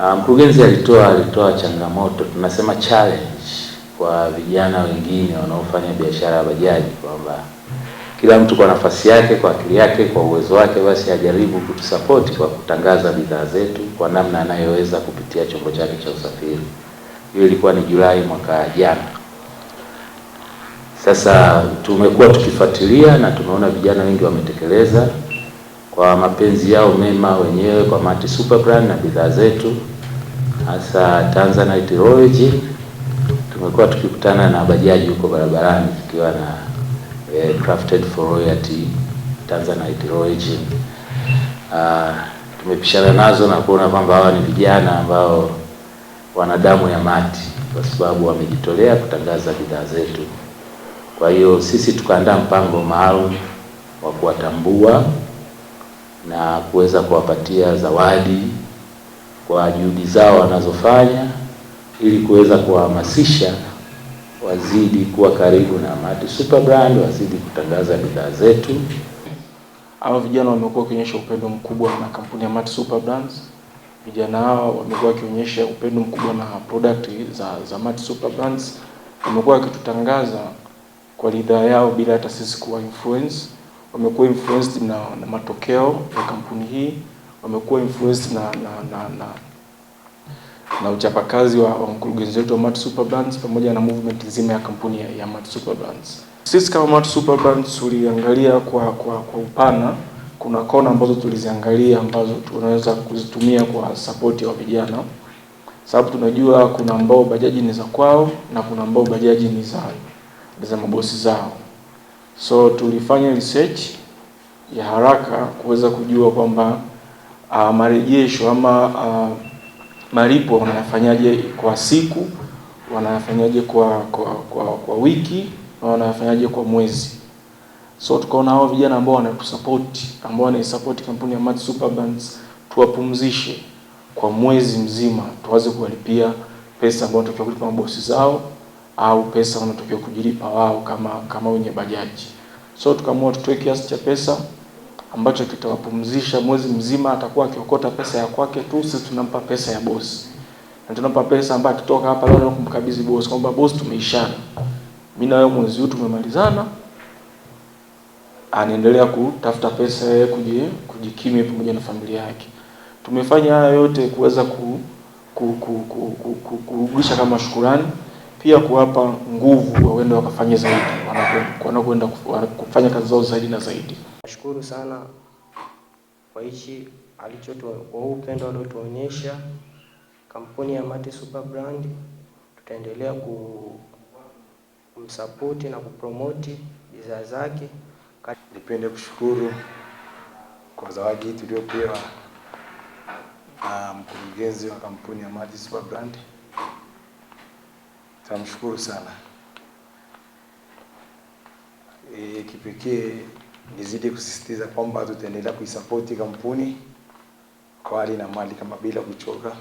Ah, mkurugenzi um, alitoa alitoa changamoto, tunasema challenge kwa vijana wengine wanaofanya biashara ya bajaji kwamba kila mtu kwa nafasi yake, kwa akili yake, kwa uwezo wake, basi ajaribu kutusapoti kwa kutangaza bidhaa zetu kwa namna anayoweza kupitia chombo chake cha usafiri. Hiyo ilikuwa ni Julai mwaka jana. Sasa tumekuwa tukifuatilia na tumeona vijana wengi wametekeleza kwa mapenzi yao mema wenyewe kwa Mati Superbrand na bidhaa zetu hasa Tanzanite Royalty. Tumekuwa tukikutana na bajaji huko barabarani tukiwa na eh, crafted for royalty Tanzanite Royalty. Uh, tumepishana nazo na kuona kwamba hawa ni vijana ambao wana damu ya Mati kwa sababu wamejitolea kutangaza bidhaa zetu. Kwa hiyo sisi tukaandaa mpango maalum wa kuwatambua na kuweza kuwapatia zawadi kwa juhudi zao wanazofanya ili kuweza kuwahamasisha wazidi kuwa karibu na Mati Superbrand, wazidi kutangaza bidhaa zetu. Hawa vijana wamekuwa wakionyesha upendo mkubwa na kampuni ya Mati Superbrand. Vijana hawa wamekuwa wakionyesha upendo mkubwa na product za, za Mati Superbrand. Wamekuwa wakitutangaza kwa lidhaa yao bila hata sisi kuwa influence wamekuwa influenced na, na matokeo ya kampuni hii, wamekuwa influenced na, na, na, na, na uchapakazi wa, wa mkurugenzi wetu wa Mart Superbrands pamoja na movement nzima ya kampuni ya, ya Mart Superbrands. Sisi kama Mart Superbrands tuliangalia kwa, kwa, kwa upana. Kuna kona ambazo tuliziangalia ambazo tunaweza kuzitumia kwa support ya vijana, sababu tunajua kuna ambao bajaji ni za kwao na kuna ambao bajaji ni za, za mabosi zao. So tulifanya research ya haraka kuweza kujua kwamba uh, marejesho ama uh, malipo wanayafanyaje kwa siku, wanayafanyaje kwa kwa, kwa kwa wiki na wanayafanyaje kwa mwezi. So tukaona hao vijana ambao wanatusapoti ambao wanaisapoti kampuni ya Mart Superbands tuwapumzishe kwa mwezi mzima, tuwaze kuwalipia pesa ambayo tutakulipa mabosi zao au pesa wanatakiwa kujilipa wao kama kama wenye bajaji. So tukaamua tutoe kiasi cha pesa ambacho kitawapumzisha mwezi mzima, atakuwa akiokota pesa ya kwake tu, sisi tunampa pesa ya bosi. Na tunampa pesa ambayo akitoka hapa leo kumkabidhi bosi kwamba bosi, tumeishana. Mimi na wewe mwezi huu tumemalizana. Anaendelea kutafuta pesa yeye kuji kujikimu pamoja na familia yake. Tumefanya haya yote kuweza ku kurudisha ku, ku, ku, ku, ku, kama shukurani pia kuwapa nguvu waende wakafanye zaidi wanakwenda kufanya kazi zao zaidi na zaidi. Nashukuru sana kwa hichi alicho kwa upendo aliotuonyesha kampuni ya mati Super Brand, tutaendelea kumsapoti na kupromoti bidhaa zake. Nipende kushukuru kwa zawadi tuliyopewa na mkurugenzi wa kampuni ya Mati Super Brand. Tamshukuru sana e, kipekee nizidi kusisitiza kwamba tutaendelea kuisapoti kampuni kwa hali na mali kama bila kuchoka.